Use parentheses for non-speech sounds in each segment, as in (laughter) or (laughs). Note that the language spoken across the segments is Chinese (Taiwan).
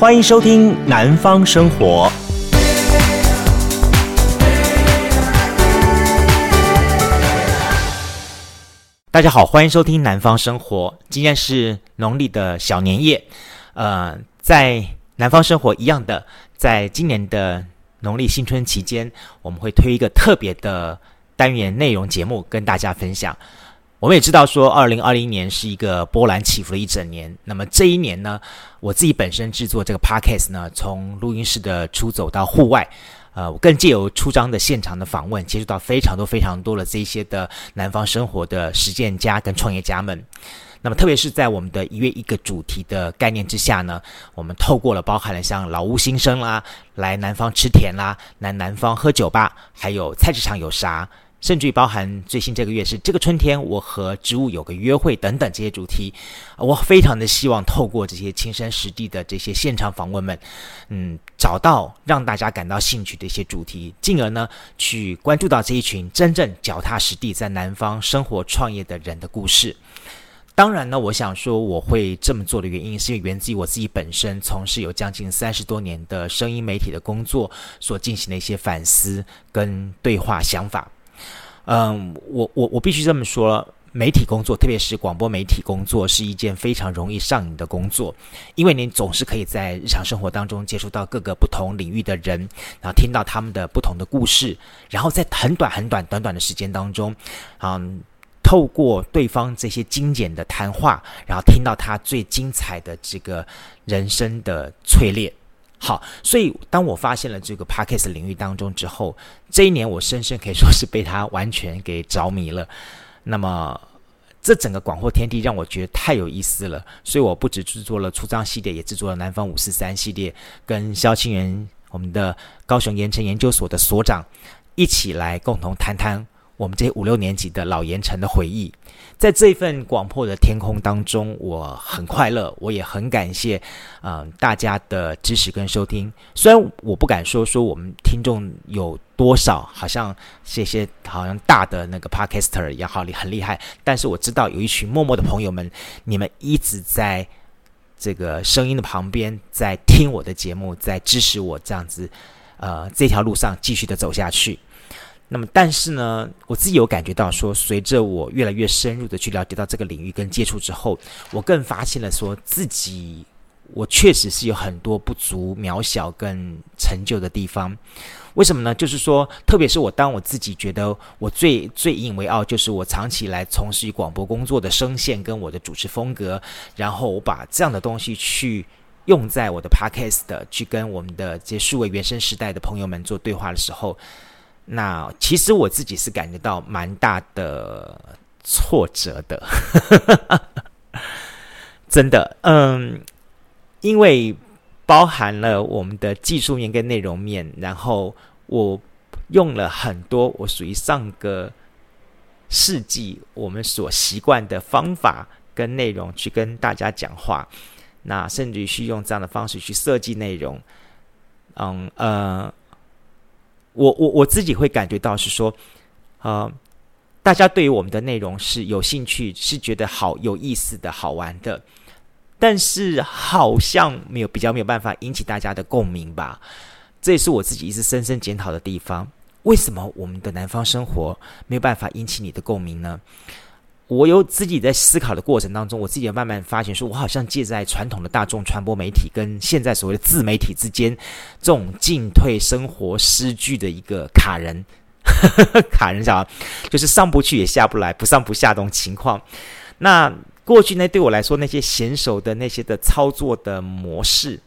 歡迎收聽《南方聲活》。大家好，歡迎收聽《南方聲活》。今天是農曆的小年夜，呃，在《南方聲活》一樣的，在今年的農曆新春期間，我們會推一個特別的單元內容節目跟大家分享。我們也知道，說二零二零年是一個波瀾起伏的一整年。那麼這一年呢，我自己本身製作這個 podcast 呢，從錄音室的出走到戶外，呃，我更借由出張的現場的訪問，接觸到非常多、非常多的這些的南方生活的實踐家跟創業家們。那麼特別是在我們的一月一個主題的概念之下呢，我們透過了包含了像老屋新生啦、啊，來南方吃甜啦、啊，來南方喝酒吧，還有菜市場有啥。甚至於包含最新這個月是這個春天，我和植物有個約會等等這些主題，我非常的希望透過這些親身實地的這些現場訪問們，嗯，找到讓大家感到興趣的一些主題，進而呢去關注到這一群真正腳踏實地在南方生活創業的人的故事。當然呢，我想說我會這麼做的原因，是因為源自於我自己本身從事有將近三十多年的聲音媒體的工作所進行的一些反思跟對話想法。嗯，我我我必須這麼說，媒體工作，特別是廣播媒體工作，是一件非常容易上癮的工作，因為你總是可以在日常生活當中接觸到各個不同領域的人，然後聽到他們的不同的故事，然後在很短很短短短的時間當中，嗯，透過對方這些精簡的談話，然後聽到他最精彩的這個人生的淬煉。好，所以當我發現了這個 podcast 領域當中之後，這一年我深深可以說是被它完全給着迷了。那麼，這整個廣闊天地讓我覺得太有意思了，所以我不只製作了出張系列，也製作了南方五四三系列，跟蕭清元我們的高雄鹽埕研究所的所長一起來共同談談。我們這些五六年級的老鹽埕的回憶，在這份廣闊的天空當中，我很快樂，我也很感謝，嗯，大家的支持跟收聽。雖然我不敢說說我們聽眾有多少，好像這些好像大的那個 podcaster 也好厲很厲害，但是我知道有一群默默的朋友們，你們一直在這個聲音的旁邊，在聽我的節目，在支持我這樣子，呃，這條路上繼續的走下去。那麼，但是呢，我自己有感覺到說，隨着我越來越深入的去了解到這個領域跟接觸之後，我更發現了說自己，我確實是有很多不足、渺小跟陳舊的地方。為什麼呢？就是說，特別是我當我自己覺得我最最引以為傲，就是我長期來從事於廣播工作的聲線跟我的主持風格，然後我把這樣的東西去用在我的 podcast，去跟我們的這些數位原生時代的朋友們做對話的時候。那其實我自己是感覺到蠻大的挫折的， (laughs) 真的，嗯，因為包含了我們的技術面跟內容面，然後我用了很多我屬於上個世紀我們所習慣的方法跟內容去跟大家講話，那甚至於是用這樣的方式去設計內容，嗯呃。我我我自己會感覺到是說，啊、呃，大家對於我們的內容是有興趣，是覺得好有意思的好玩的，但是好像沒有比較沒有辦法引起大家的共鳴吧。這也是我自己一直深深檢討的地方。為什麼我們的南方聲活沒有辦法引起你的共鳴呢？我有自己在思考的過程當中，我自己也慢慢發現說，說我好像介在傳統的大眾傳播媒體跟現在所謂的自媒體之間這種進退生活失據的一個卡人， (laughs) 卡人，啥？就是上不去也下不來，不上不下這種情況。那過去呢，對我來說，那些嫻熟的那些的操作的模式。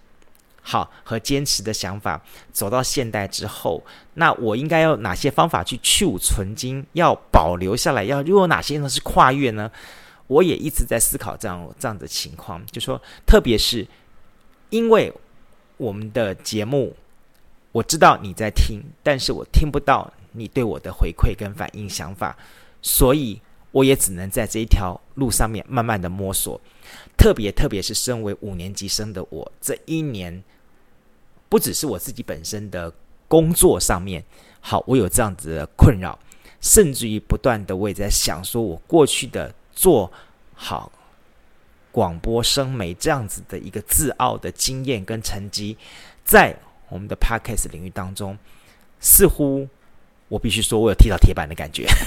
好和堅持的想法，走到現代之後，那我應該要哪些方法去去蕪存菁，要保留下來，要又有哪些呢？是跨越呢？我也一直在思考這樣這樣的情況，就說，特別是因為我們的節目，我知道你在聽，但是我聽不到你對我的回饋跟反應想法，所以我也只能在這一條路上面慢慢的摸索。特別特別是身為五年級生的我，這一年。不只是我自己本身的工作上面，好，我有這樣子的困擾，甚至於不斷的我也在想，說我過去的做好廣播聲媒這樣子的一個自傲的經驗跟成績，在我們的 podcast 領域當中，似乎我必須說，我有踢到鐵板的感覺。 (laughs)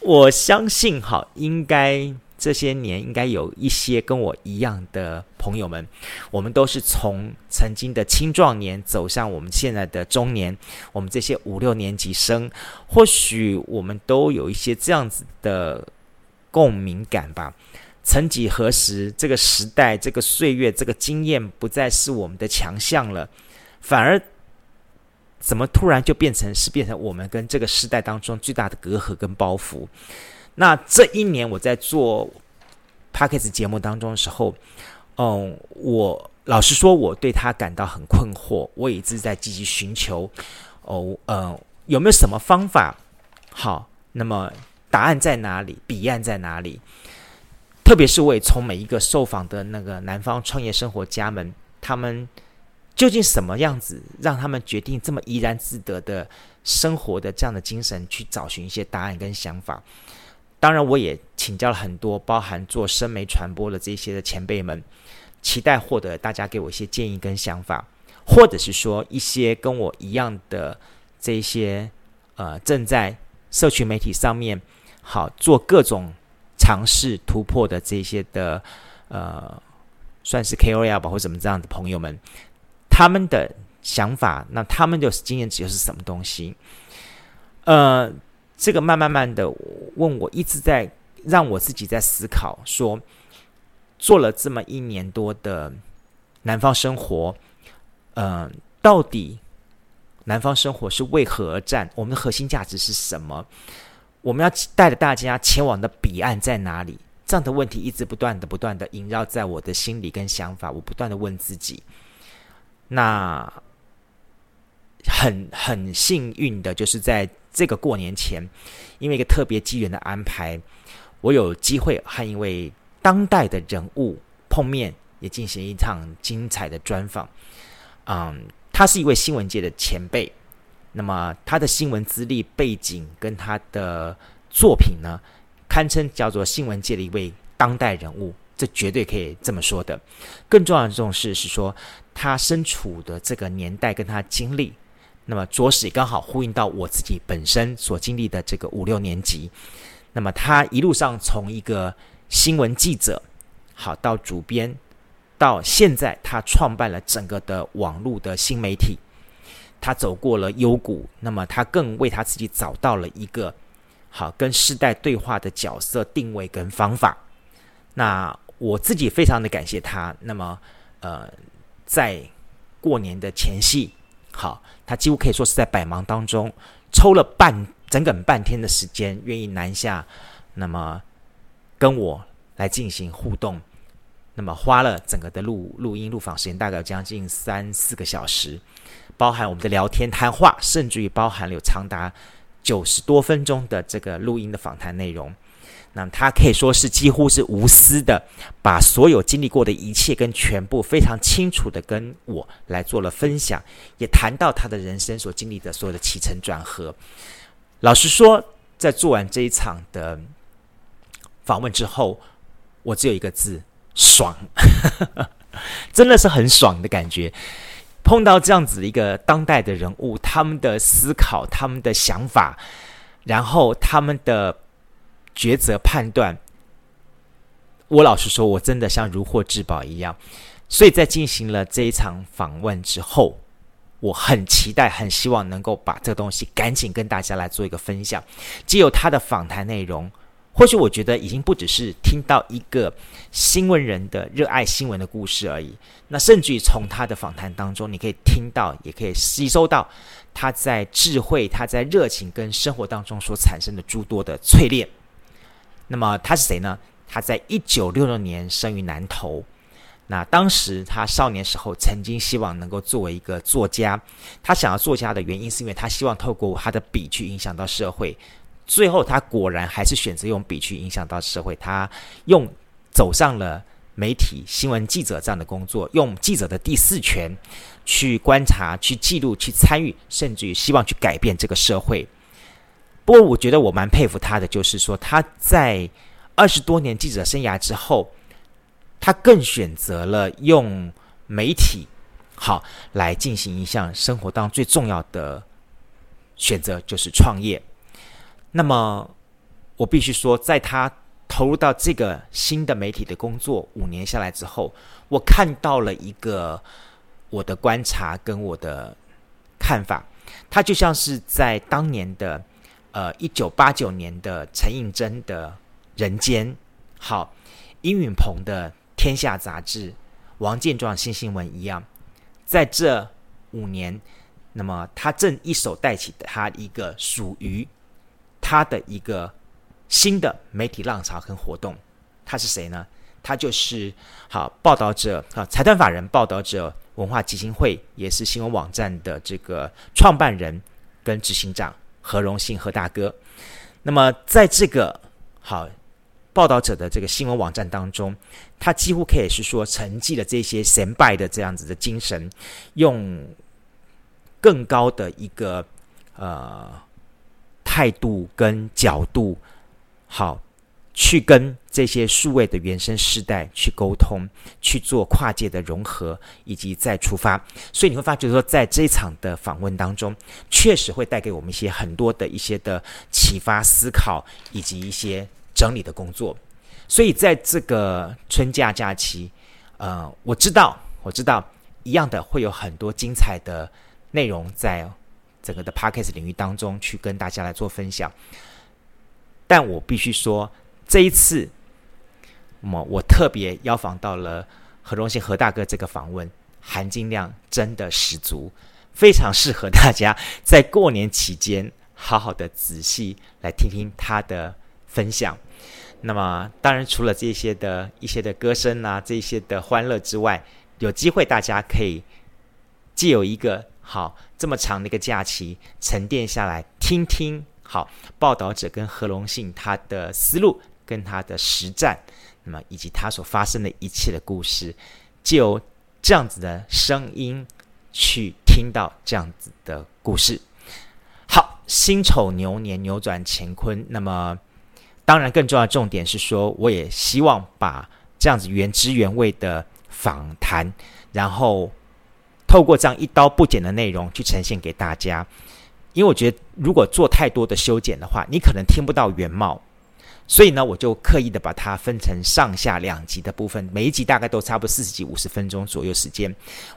我相信，好應該。這些年應該有一些跟我一樣的朋友們，我們都是從曾經的青壯年走向我們現在的中年。我們這些五六年級生，或許我們都有一些這樣子的共鳴感吧。曾幾何時，這個時代、這個歲月、這個經驗不再是我們的強項了，反而怎麼突然就變成是變成我們跟這個時代當中最大的隔閡跟包袱？那這一年我在做 Podcast 節目當中的時候，嗯，我老實說，我對他感到很困惑。我一直在積極尋求，哦，呃、嗯，有沒有什麼方法？好，那麼答案在哪裡？彼岸在哪裡？特別是我也從每一個受訪的那個南方創業生活家們，他們究竟什麼樣子，讓他們決定這麼怡然自得的生活的這樣的精神，去找尋一些答案跟想法。當然，我也請教了很多包含做聲媒傳播的這些的前輩們，期待獲得大家給我一些建議跟想法，或者是說一些跟我一樣的這些呃正在社群媒體上面好做各種嘗試突破的這些的呃算是 KOL 吧或怎麼這樣的朋友們，他們的想法，那他們的經驗值又是什麼東西？呃。這個慢慢慢的問我，一直在讓我自己在思考：說做了這麼一年多的南方聲活，嗯、呃，到底南方聲活是為何而戰？我們的核心價值是什麼？我們要帶着大家前往的彼岸在哪裡？這樣的問題一直不斷的、不斷的縈繞在我的心裡跟想法。我不斷的問自己，那。很很幸運的，就是在這個過年前，因為一個特別機緣的安排，我有機會和一位當代的人物碰面，也進行一場精彩的專訪。嗯，他是一位新聞界的前輩，那麼他的新聞資歷背景跟他的作品呢，堪稱叫做新聞界的一位當代人物，這絕對可以這麼說的。更重要的這種事是說，他身處的這個年代跟他經歷。那麼，着實剛好呼應到我自己本身所經歷的這個五六年級。那麼，他一路上從一個新聞記者，好到主編，到現在他創辦了整個的網絡的新媒體。他走過了幽谷，那麼他更為他自己找到了一個好跟世代對話的角色定位跟方法。那我自己非常的感謝他。那麼，呃，在過年的前夕。好，他幾乎可以說是在百忙當中抽了半，整整半天的時間，願意南下，那麼跟我來進行互動，那麼花了整個的錄錄音、錄訪時間，大概將近三四個小時，包含我們的聊天談話，甚至於包含了有長達九十多分鐘的這個錄音的訪談內容。他可以說是幾乎是無私的，把所有經歷過的一切跟全部非常清楚的跟我來做了分享，也談到他的人生所經歷的所有的起承轉合。老實說，在做完這一場的訪問之後，我只有一個字：爽， (laughs) 真的是很爽的感覺。碰到這樣子一個當代的人物，他們的思考，他們的想法，然後他們的，抉擇判斷，我老實說，我真的像如獲至寶一樣。所以在進行了這一場訪問之後，我很期待，很希望能夠把這個東西趕緊跟大家來做一個分享。藉由他的訪談內容，或許我覺得已經不只是聽到一個新聞人的熱愛新聞的故事而已。那甚至於從他的訪談當中，你可以聽到，也可以吸收到他在智慧、他在熱情跟生活當中所產生的諸多的淬鍊。那麼他是誰呢？他在一九六六年生於南投。那當時他少年時候曾經希望能夠作為一個作家。他想要作家的原因是因為他希望透過他的筆去影響到社會。最後他果然還是選擇用筆去影響到社會。他用走上了媒體新聞記者這樣的工作，用記者的第四權去觀察、去記錄、去參與，甚至於希望去改變這個社會。不過，我覺得我蠻佩服他的，就是說他在二十多年記者生涯之後，他更選擇了用媒體好來進行一項生活當中最重要的選擇，就是創業。那麼，我必須說，在他投入到這個新的媒體的工作五年下來之後，我看到了一個我的觀察跟我的看法，他就像是在當年的。呃，一九八九年的陳映真的人間，好，殷允芃的天下雜誌，王健壯新新聞一樣，在這五年，那麼他正一手帶起他一個屬於他的一個新的媒體浪潮跟活動。他是誰呢？他就是好報導者，好財團法人報導者文化基金會，也是新聞網站的這個創辦人跟執行長。何榮幸，何大哥。那麼，在這個好報導者的這個新聞網站當中，他幾乎可以是說，承繼了這些賢拜的這樣子的精神，用更高的一個呃態度跟角度，好。去跟這些數位的原生世代去溝通，去做跨界的融合，以及再出發。所以你會發覺說，在這場的訪問當中，確實會帶給我們一些很多的一些的啟發思考，以及一些整理的工作。所以在這個春假假期，呃，我知道，我知道，一樣的會有很多精彩的內容，在整個的 Podcast 領域當中去跟大家來做分享。但我必須說。這一次，那麼我特別邀訪到了何榮幸何大哥，這個訪問含金量真的十足，非常適合大家在過年期間好好的仔細來聽聽他的分享。那麼，當然除了這些的一些的歌聲啊，這些的歡樂之外，有機會大家可以藉由一個好這麼長的一個假期沉澱下來，聽聽好報道者跟何榮幸他的思路。跟他的實戰，那麼以及他所發生的一切的故事，藉由這樣子的聲音去聽到這樣子的故事。好，辛丑牛年牛轉乾坤。那麼，當然更重要的重點是說，我也希望把這樣子原汁原味的訪談，然後透過這樣一刀不剪的內容去呈現給大家。因為我覺得，如果做太多的修剪的話，你可能聽不到原貌。所以呢，我就刻意的把它分成上下兩集的部分，每一集大概都差不多四十幾、五十分鐘左右時間。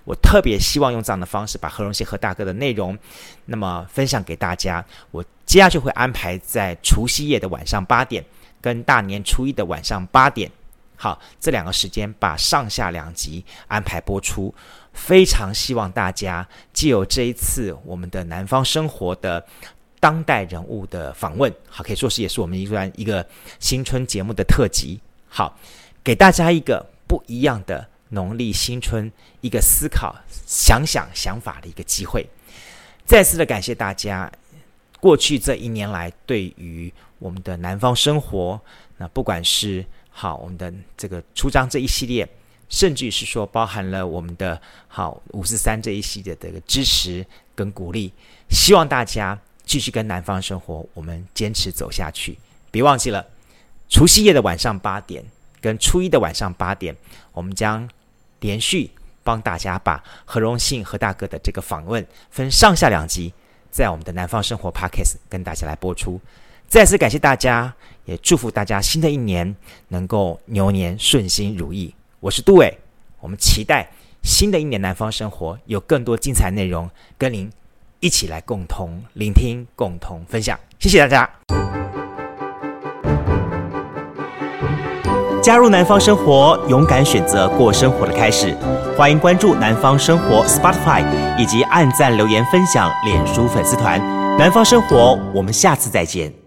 我特別希望用這樣的方式把何榮幸和大哥的內容，那麼分享給大家。我接下來就會安排在除夕夜的晚上八點，跟大年初一的晚上八點，好，這兩個時間把上下兩集安排播出。非常希望大家藉由這一次我們的南方生活的。當代人物的訪問，好，可以說是也是我們一段一個新春節目的特輯，好，給大家一個不一樣的農曆新春一個思考、想想想法的一個機會。再次的感謝大家過去這一年來對於我們的南方聲活，那不管是好我們的這個出張這一系列，甚至是說包含了我們的好五四三這一系列的這個支持跟鼓勵，希望大家。繼續跟南方生活，我們堅持走下去。別忘記了，除夕夜的晚上八點跟初一的晚上八點，我們將連續幫大家把何榮幸何大哥的這個訪問分上下兩集，在我們的南方生活 Podcast 跟大家來播出。再次感謝大家，也祝福大家新的一年能夠牛年順心如意。我是杜偉，我們期待新的一年南方生活有更多精彩內容跟您，一起來共同聆聽、共同分享，謝謝大家！加入南方聲活，勇敢選擇過生活的開始。歡迎關注南方聲活 Spotify，以及按贊、留言、分享臉書粉絲團。南方聲活，我們下次再見。